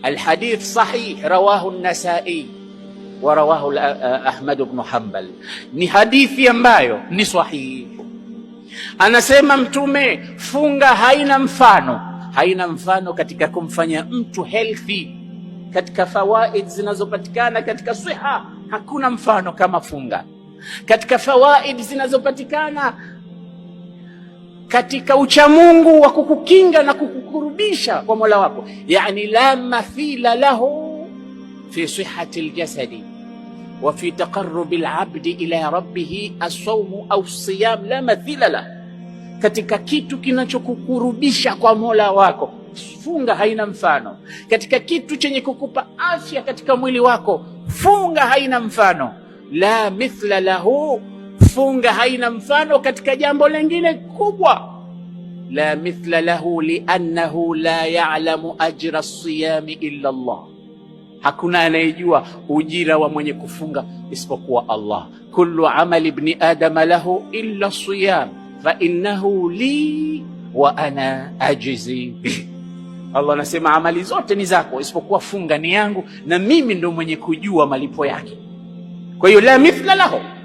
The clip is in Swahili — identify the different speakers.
Speaker 1: Alhadith sahih rawahu Nasai wa rawahu Ahmad ibn Hanbal, ni hadithi ambayo ni sahihi. Anasema Mtume, funga haina mfano, haina mfano katika kumfanya mtu healthy, katika fawaid zinazopatikana katika siha, hakuna mfano kama funga, katika fawaid zinazopatikana katika uchamungu wa kukukinga na kuku kukurubisha kwa Mola wako, yani la mathila lahu fi sihhati aljasadi wa fi taqarrubi alabdi ila rabbih as au siyam, la mathila lah, katika kitu kinachokukurubisha kwa Mola wako funga haina mfano. Katika kitu chenye kukupa afya katika mwili wako funga haina mfano, la mithla lahu, funga haina mfano katika jambo lingine kubwa la mithla lahu liannahu la ya'lamu ajra as-siyami illa Allah, hakuna anayejua ujira wa mwenye kufunga isipokuwa Allah. Kullu amali ibni adama lahu illa siyam fa innahu li wa ana ajizi Allah anasema amali zote ni zako isipokuwa funga ni yangu, na mimi ndo mwenye kujua malipo yake. Kwa hiyo la mithla lahu